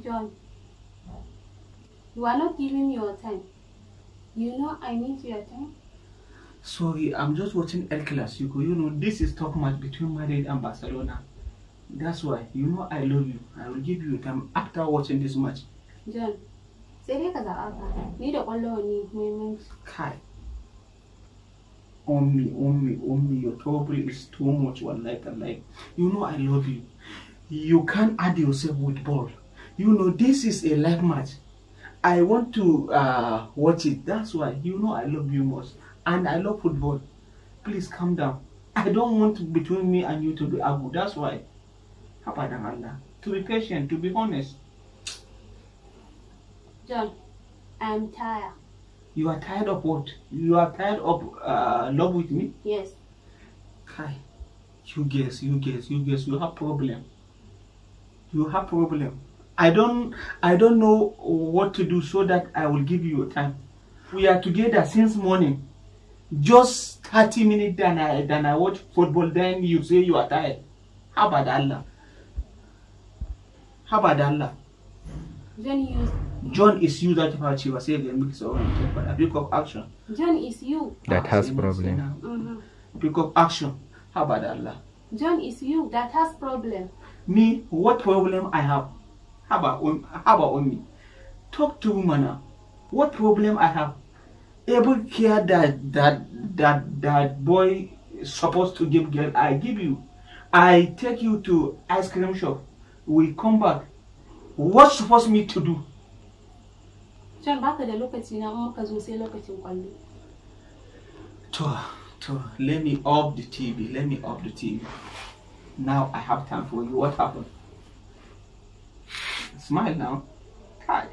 John, you are not giving me your time. You know I need your time. Sorry, I'm just watching El Clasico. You know, this is talk match between Madrid and Barcelona. That's why, you know I love you. I will give you time after watching this match. John, say dai ka zaɓa ka. Ni da ƙwallo ne muhimmanci. Kai. Ommi, Ommi, Ommi, your trouble is too much, one like and like. You know I love you. You can't add yourself with ball. You know, this is a live match. I want to uh, watch it. That's why you know I love you most. And I love football. Please calm down. I don't want between me and you to be argue. That's why. To be patient, to be honest. John, I'm tired. You are tired of what? You are tired of uh, love with me? Yes. Kai, you guess, you guess, you guess, you have problem. You have problem. I don't I don't know what to do so that I will give you time. We are together since morning. Just 30 minutes than I than I watch football, then you say you are tired. How about Allah? How about Allah? John is John is you that part you were saying mix I pick up action. John is you. That has problem. Mm-hmm. Pick up action. How about Allah? John is you that has problem. Me, what problem I have? haba me? Um, talk to mana ah. what problem i have every care that that that that boy supposed to give girl i give you i take you to ice cream shop we come back what supposed me to do can da na sai lokacin kwallo to to let me off the tv let me off the tv now i have time for you what happened Smile now. Kai.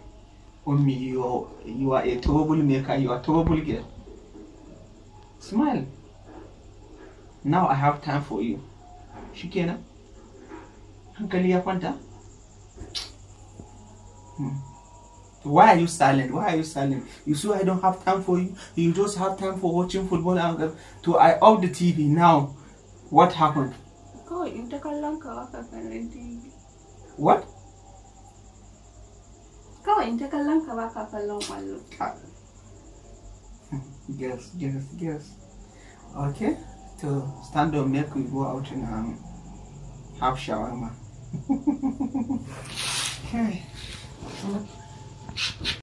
Ummi, you you are a trouble maker You are a trouble girl. Smile. Now I have time for you. Shikenan. Hankali ya kwanta? Hmm. Why are you silent? Why are you silent? You see, I don't have time for you. You just have time for watching football. and To I off the TV now. What happened? Kawai in ta kallon ka waka kallon What? kawai in ta yes yes yes okay to stand up make we go out and um, have ma. okay